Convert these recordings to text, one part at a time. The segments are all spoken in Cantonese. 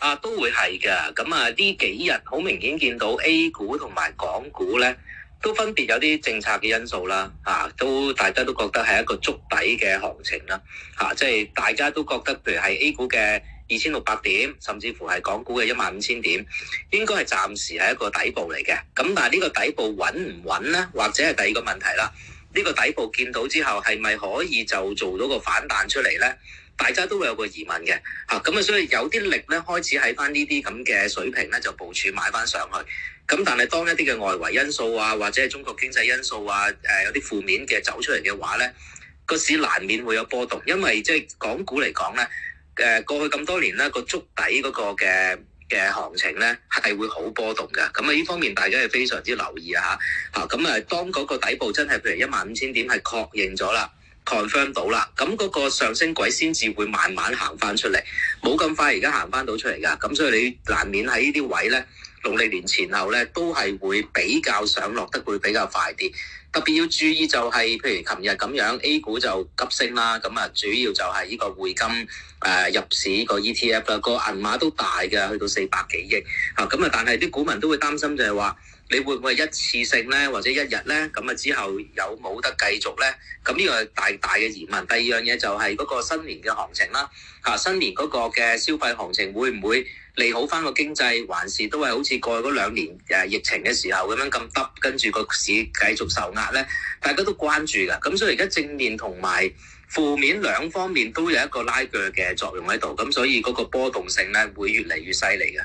啊，都會係嘅。咁啊，呢幾日好明顯見到 A 股同埋港股咧，都分別有啲政策嘅因素啦。啊，都大家都覺得係一個築底嘅行情啦。嚇，即係大家都覺得，譬如係 A 股嘅二千六百點，甚至乎係港股嘅一萬五千點，應該係暫時係一個底部嚟嘅。咁但係呢個底部穩唔穩咧？或者係第二個問題啦。呢個底部見到之後，係咪可以就做到個反彈出嚟咧？大家都會有個疑問嘅，嚇，咁啊，所以有啲力咧開始喺翻呢啲咁嘅水平咧，就部署買翻上去。咁但係當一啲嘅外圍因素啊，或者係中國經濟因素啊，呃，有啲負面嘅走出嚟嘅話咧，個市難免會有波動。因為即係港股嚟講咧，誒過去咁多年咧，個築底嗰個嘅嘅行情咧係會好波動嘅。咁啊，呢方面大家係非常之留意啊，嚇嚇，咁啊，咁當嗰個底部真係譬如一萬五千點係確認咗啦。confirm 到啦，咁嗰個上升軌先至會慢慢行翻出嚟，冇咁快，而家行翻到出嚟噶，咁所以你難免喺呢啲位咧，六、零年前後咧都係會比較上落得會比較快啲，特別要注意就係、是、譬如琴日咁樣 A 股就急升啦，咁啊主要就係呢個匯金誒、呃、入市個 ETF 啦，個銀碼都大嘅，去到四百幾億，啊咁啊，但係啲股民都會擔心就係話。你會唔會一次性呢？或者一日呢？咁啊之後有冇得繼續呢？咁呢個係大大嘅疑問。第二樣嘢就係嗰個新年嘅行情啦，吓新年嗰個嘅消費行情會唔會利好翻個經濟，還是都係好似過去嗰兩年疫情嘅時候咁樣咁得，跟住個市繼續受壓呢？大家都關注㗎。咁所以而家正面同埋負面兩方面都有一個拉鋸嘅作用喺度，咁所以嗰個波動性呢，會越嚟越犀利嘅。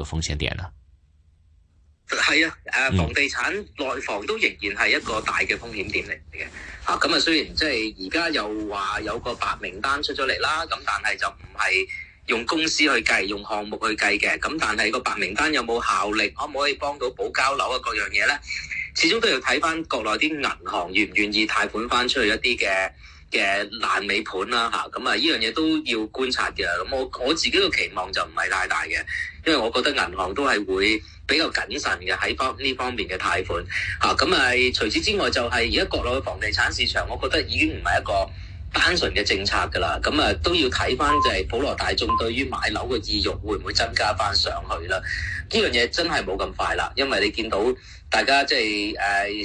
個風險點啦，係啊、嗯，誒、啊，房地產內房都仍然係一個大嘅風險點嚟嘅啊。咁啊，雖然即係而家又話有個白名單出咗嚟啦，咁但係就唔係用公司去計，用項目去計嘅。咁但係個白名單有冇效力，可唔可以幫到保交樓啊？各樣嘢呢，始終都要睇翻國內啲銀行願唔願意貸款翻出去一啲嘅。嘅爛尾盤啦嚇，咁啊，呢樣嘢都要觀察嘅。咁我我自己嘅期望就唔係太大嘅，因為我覺得銀行都係會比較謹慎嘅喺方呢方面嘅貸款嚇。咁啊，啊除此之外，就係而家國內嘅房地產市場，我覺得已經唔係一個單純嘅政策㗎啦。咁啊都要睇翻就係普羅大眾對於買樓嘅意欲會唔會增加翻上去啦？呢樣嘢真係冇咁快啦，因為你見到大家即係誒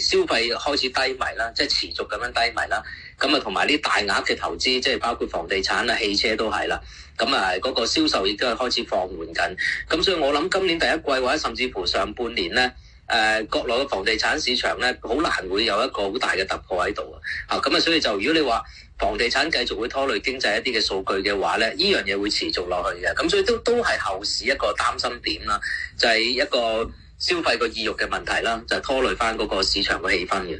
消費開始低迷啦，即係持續咁樣低迷啦。咁啊，同埋啲大額嘅投資，即係包括房地產啊、汽車都係啦。咁啊，嗰個銷售亦都係開始放緩緊。咁所以，我諗今年第一季或者甚至乎上半年咧，誒國內嘅房地產市場咧，好難會有一個好大嘅突破喺度啊。咁啊，所以就如果你話房地產繼續會拖累經濟一啲嘅數據嘅話咧，呢樣嘢會持續落去嘅。咁所以都都係後市一個擔心點啦，就係一個消費個意欲嘅問題啦，就係拖累翻嗰個市場嘅氣氛嘅。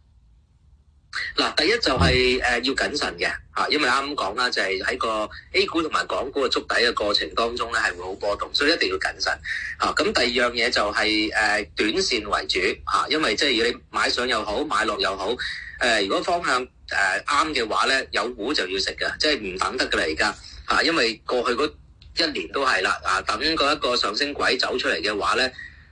嗱，第一就係誒要謹慎嘅吓，因為啱啱講啦，就係喺個 A 股同埋港股嘅觸底嘅過程當中咧，係會好波動，所以一定要謹慎吓。咁第二樣嘢就係誒短線為主吓，因為即係你買上又好，買落又好，誒如果方向誒啱嘅話咧，有股就要食噶，即係唔等得噶啦而家吓，因為過去嗰一年都係啦，啊等嗰一個上升軌走出嚟嘅話咧。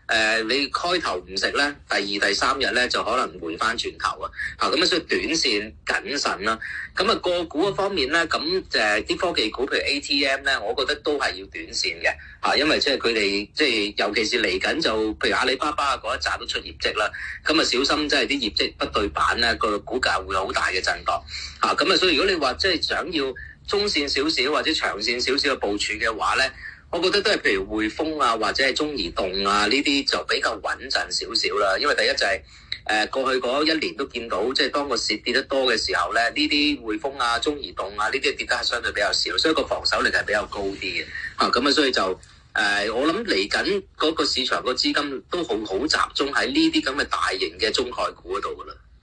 誒、呃、你開頭唔食咧，第二第三日咧就可能回翻轉頭啊！咁、嗯、所以短線謹慎啦。咁、嗯、啊、那個股方面咧，咁誒啲科技股譬如 ATM 咧，我覺得都係要短線嘅、嗯嗯、因為即係佢哋即係尤其是嚟緊就譬如阿里巴巴嗰一扎都出業績啦，咁、嗯、啊小心即係啲業績不對版咧、那個股價會好大嘅震盪嚇咁啊、嗯嗯，所以如果你話即係想要中線少少或者長線少少嘅部署嘅話咧。我覺得都係譬如匯豐啊，或者係中移動啊呢啲就比較穩陣少少啦。因為第一就係、是、誒、呃、過去嗰一年都見到，即係當個市跌得多嘅時候咧，呢啲匯豐啊、中移動啊呢啲跌得相對比較少，所以個防守力係比較高啲嘅。嚇咁啊，所以就誒、呃、我諗嚟緊嗰個市場個資金都好好集中喺呢啲咁嘅大型嘅中概股嗰度㗎啦。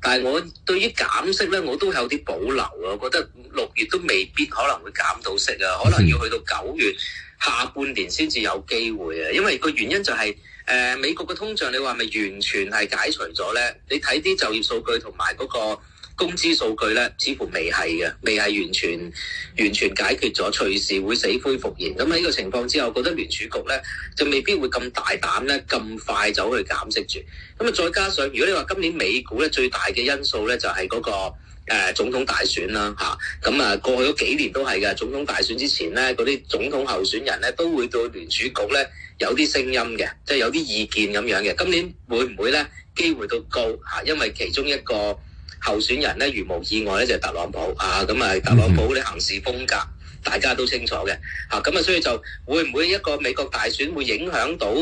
但係我對於減息咧，我都有啲保留啊！我覺得六月都未必可能會減到息啊，可能要去到九月下半年先至有機會啊！因為個原因就係，呃，美國嘅通脹你話咪完全係解除咗咧？你睇啲就業數據同埋嗰個工資數據咧，似乎未係嘅，未係完全完全解決咗，隨時會死灰復燃。咁喺呢個情況之下，我覺得聯儲局咧就未必會咁大膽咧，咁快走去減息住。咁啊，再加上如果你話今年美股咧最大嘅因素咧，就係嗰個呃總統大選啦，嚇咁啊，過去嗰幾年都係嘅總統大選之前咧，嗰啲總統候選人咧都會對聯儲局咧有啲聲音嘅，即係有啲意見咁樣嘅。今年會唔會咧機會都高吓？啊，因為其中一個。候選人咧，如無意外咧，就係、是、特朗普啊！咁啊，特朗普咧行事風格、mm hmm. 大家都清楚嘅吓，咁啊，所以就會唔會一個美國大選會影響到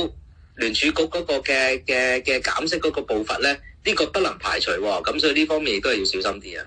聯儲局嗰個嘅嘅嘅減息嗰個步伐咧？呢、這個不能排除喎，咁、啊、所以呢方面亦都係要小心啲啊。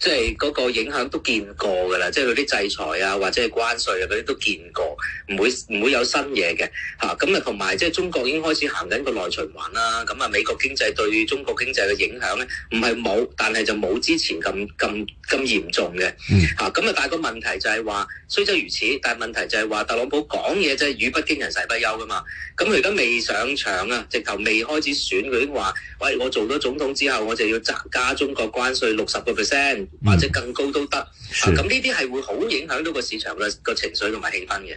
即係嗰個影響都見過㗎啦，即係佢啲制裁啊，或者係關稅啊，佢啲都見過，唔會唔會有新嘢嘅嚇。咁啊同埋即係中國已經開始行緊個內循環啦，啊。咁啊美國經濟對中國經濟嘅影響咧，唔係冇，但係就冇之前咁咁咁嚴重嘅嚇。咁啊，啊但係個問題就係話，雖則如此，但係問題就係話，特朗普講嘢真係語不驚人，勢不休㗎嘛。咁佢而家未上場啊，直頭未開始選，佢已經話：，喂，我做咗總統之後，我就要加加中國關稅六十個 percent。或者更高都得，咁呢啲係會好影響到個市場嘅個情緒同埋氣氛嘅。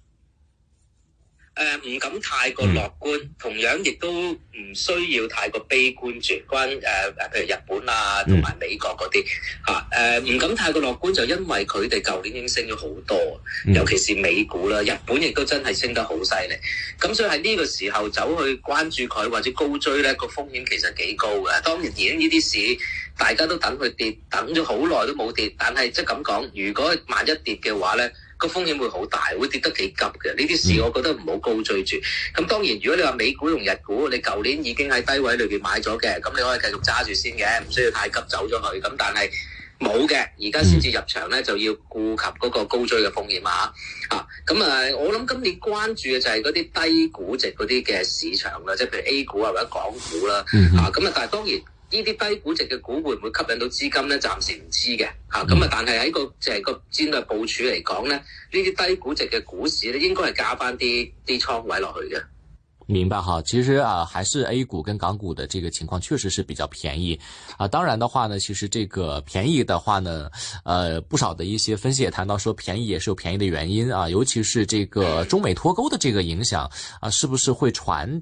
誒唔、呃、敢太過樂觀，嗯、同樣亦都唔需要太過悲觀。住關誒誒，譬如日本啊，同埋美國嗰啲嚇誒，唔敢太過樂觀，就因為佢哋舊年已經升咗好多，嗯、尤其是美股啦，日本亦都真係升得好犀利。咁所以喺呢個時候走去關注佢或者高追咧，個風險其實幾高嘅。當然而家呢啲市大家都等佢跌，等咗好耐都冇跌，但係即係咁講，如果萬一跌嘅話咧。個風險會好大，會跌得幾急嘅。呢啲事我覺得唔好高追住。咁當然，如果你話美股同日股，你舊年已經喺低位裏面買咗嘅，咁你可以繼續揸住先嘅，唔需要太急走咗去。咁但係冇嘅，而家先至入場咧，就要顧及嗰個高追嘅風險啊。咁、啊啊、我諗今年關注嘅就係嗰啲低估值嗰啲嘅市場啦，即係譬如 A 股啊或者港股啦。咁啊，啊，但係當然。呢啲低估值嘅股會唔會吸引到資金呢？暫時唔知嘅嚇，咁啊，但係喺個即係、就是、個戰略部署嚟講咧，呢啲低估值嘅股市咧，應該係加翻啲啲倉位落去嘅。明白哈，其實啊，還是 A 股跟港股嘅這個情況，確實是比較便宜啊。當然嘅話呢，其實這個便宜嘅話呢，呃不少嘅一些分析也談到，說便宜也是有便宜嘅原因啊，尤其是這個中美脫鉤嘅這個影響啊，是不是會傳？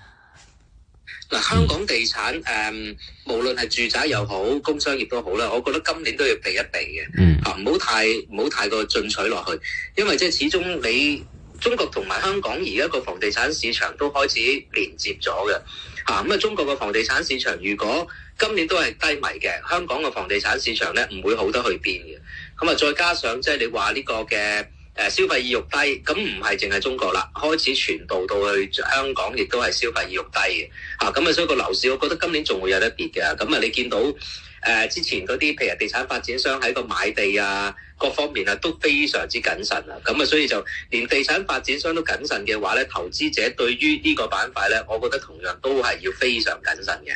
嗱，香港地產誒、嗯，無論係住宅又好，工商業都好啦，我覺得今年都要避一避嘅，嚇唔好太唔好太過進取落去，因為即係始終你中國同埋香港而家個房地產市場都開始連接咗嘅，咁啊、嗯、中國個房地產市場如果今年都係低迷嘅，香港個房地產市場咧唔會好得去邊嘅，咁啊再加上即係你話呢個嘅。消費意欲低，咁唔係淨係中國啦，開始傳導到去香港，亦都係消費意欲低嘅嚇。咁啊，所以個樓市，我覺得今年仲會有得跌嘅。咁啊，你見到誒、呃、之前嗰啲，譬如地產發展商喺個買地啊各方面啊都非常之謹慎啦。咁啊，所以就連地產發展商都謹慎嘅話咧，投資者對於呢個板塊咧，我覺得同樣都係要非常謹慎嘅。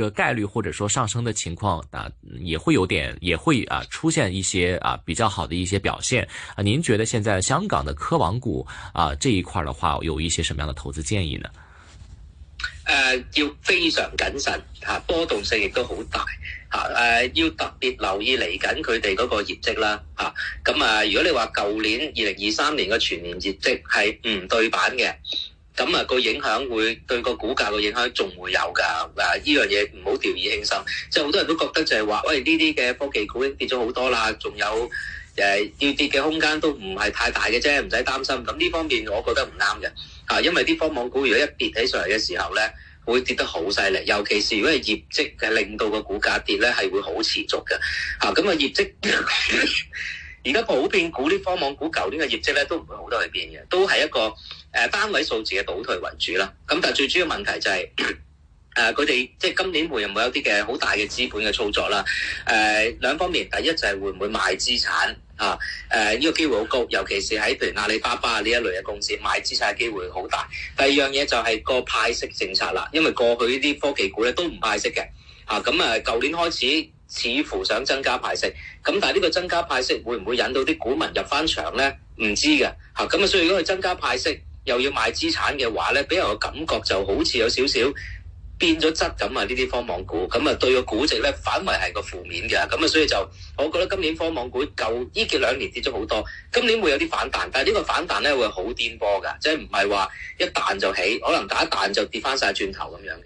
個概率或者說上升的情況啊，也會有點，也會啊出現一些啊比較好的一些表現啊。您覺得現在香港的科網股啊這一塊的話，有一些什麼樣的投資建議呢？誒、呃，要非常謹慎啊，波動性亦都好大啊。誒、呃，要特別留意嚟緊佢哋嗰個業績啦啊。咁啊，如果你話舊年二零二三年嘅全年業績係唔對版嘅。咁啊個影響會對個股價個影響仲會有㗎，嗱呢樣嘢唔好掉以輕心，即係好多人都覺得就係話，喂呢啲嘅科技股已經跌咗好多啦，仲有誒、呃、要跌嘅空間都唔係太大嘅啫，唔使擔心。咁呢方面我覺得唔啱嘅，嚇、啊，因為啲科網股如果一跌起上嚟嘅時候咧，會跌得好犀利，尤其是如果係業績嘅令到個股價跌咧，係會好持續嘅，嚇、啊，咁、那、啊、個、業績。 而家普遍股啲科網股，舊年嘅業績咧都唔會好多去變嘅，都係一個誒單位數字嘅倒退為主啦。咁但係最主要問題就係誒佢哋即係今年會唔會有啲嘅好大嘅資本嘅操作啦？誒、呃、兩方面，第一就係會唔會賣資產啊？誒、呃、呢、呢個機會好高，尤其是喺譬如阿里巴巴呢一類嘅公司，賣資產嘅機會好大。第二樣嘢就係個派息政策啦，因為過去呢啲科技股咧都唔派息嘅啊。咁誒舊年開始。似乎想增加派息，咁但呢個增加派息會唔會引到啲股民入翻場咧？唔知嘅嚇，咁啊所以如果佢增加派息又要賣資產嘅話咧，俾人嘅感覺就好似有少少變咗質咁啊！呢啲科網股，咁啊對個估值咧反為係個負面嘅，咁啊所以就我覺得今年科網股舊呢幾兩年跌咗好多，今年會有啲反彈，但呢個反彈咧會好顛簸㗎，即係唔係話一彈就起，可能打一彈就跌翻晒轉頭咁樣嘅。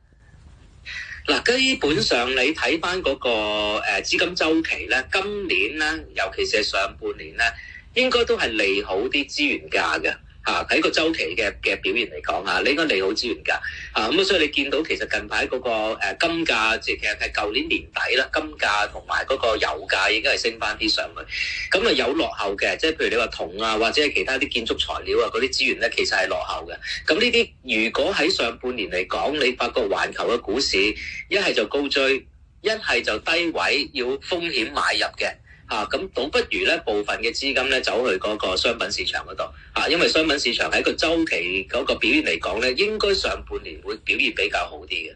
嗱，基本上你睇翻嗰個誒資金周期咧，今年咧，尤其是係上半年咧，應該都係利好啲資源價嘅。嚇，喺個周期嘅嘅表現嚟講嚇，你應該利好資源噶嚇，咁所以你見到其實近排嗰個金價，即係其實係舊年年底啦，金價同埋嗰個油價已經係升翻啲上去，咁啊有落後嘅，即係譬如你話銅啊，或者係其他啲建築材料啊嗰啲資源咧，其實係落後嘅。咁呢啲如果喺上半年嚟講，你發覺環球嘅股市一係就高追，一係就低位要風險買入嘅。啊，咁倒不如咧，部分嘅資金咧走去嗰個商品市場嗰度，啊，因為商品市場喺個周期嗰個表現嚟講咧，應該上半年會表現比較好啲嘅。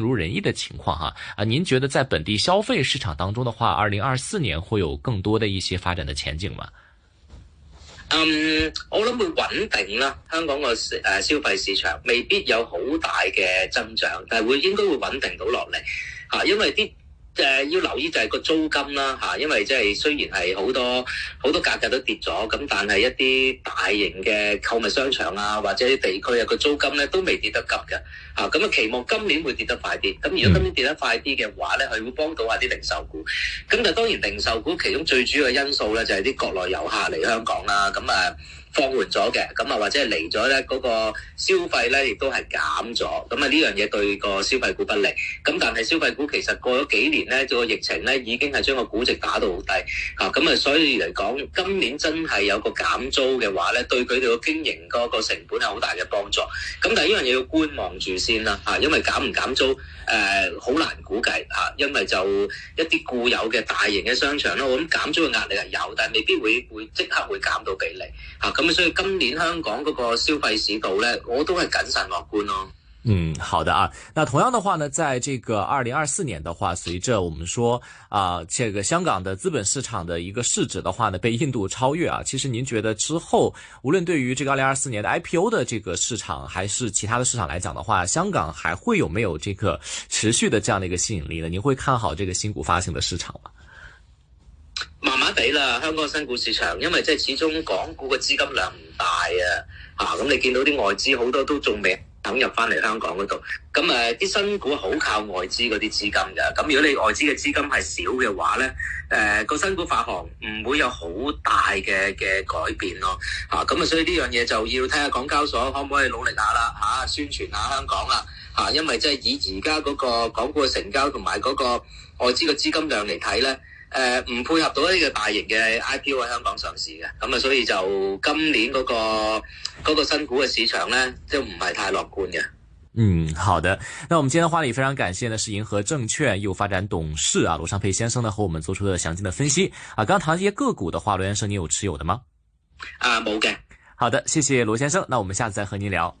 如人意的情況哈啊，您覺得在本地消費市場當中的話，二零二四年會有更多的一些發展的前景嗎？嗯，我諗會穩定啦，香港個誒消費市場未必有好大嘅增長，但係會應該會穩定到落嚟吓，因為啲。誒、呃、要留意就係個租金啦、啊、因為即係雖然係好多好多價格都跌咗，咁但係一啲大型嘅購物商場啊，或者啲地區啊，個租金咧都未跌得急嘅吓咁啊、嗯、期望今年會跌得快啲。咁、啊、如果今年跌得快啲嘅話咧，佢會幫到一下啲零售股。咁、啊、但當當然零售股其中最主要嘅因素咧，就係、是、啲國內遊客嚟香港啦，咁啊。啊放緩咗嘅，咁啊或者係嚟咗咧，嗰個消費咧亦都係減咗，咁啊呢樣嘢對個消費股不利。咁但係消費股其實過咗幾年咧，個疫情咧已經係將個估值打到好低，啊咁啊所以嚟講，今年真係有個減租嘅話咧，對佢哋個經營個個成本係好大嘅幫助。咁但係呢樣嘢要觀望住先啦，嚇，因為減唔減租？誒好、呃、難估計、啊、因為就一啲固有嘅大型嘅商場咯，我諗減咗嘅壓力係有，但未必會會即刻會減到幾釐。咁所以今年香港嗰個消費市道咧，我都係謹慎樂觀咯。嗯，好的啊。那同樣的話呢，在這個二零二四年的話，隨着我們說啊、呃，這個香港的資本市場的一個市值的話呢，被印度超越啊。其實您覺得之後，無論對於這個二零二四年的 IPO 的這個市場，還是其他的市場來講的話，香港還會有沒有這個持續的這樣的一個吸引力呢？您會看好這個新股發行的市場嗎？慢慢地啦，香港新股市場，因為即係始終港股嘅資金量唔大啊，吓、啊，咁你見到啲外資好多都做咩？等入翻嚟香港嗰度，咁誒啲新股好靠外資嗰啲資金嘅，咁如果你外資嘅資金係少嘅話咧，誒、呃、個新股發行唔會有好大嘅嘅改變咯，嚇、咁啊，所以呢樣嘢就要睇下港交所可唔可以努力下啦，啊，宣傳下香港啊，啊，因為即係以而家嗰個港股嘅成交同埋嗰個外資嘅資金量嚟睇咧。誒，唔、呃、配合到呢個大型嘅 IPO 喺香港上市嘅，咁啊，所以就今年嗰，那個嗰，那個新股嘅市場呢，就唔係太樂觀嘅。嗯，好的。那我們今天嘅話題非常感謝呢，是銀河證券業務發展董事啊羅尚沛先生呢，和我們做出嘅詳盡嘅分析。啊，剛，剛談些個股嘅話，羅先生你有持有的嗎？啊，冇嘅。好的，謝謝羅先生。那我們下次再和您聊。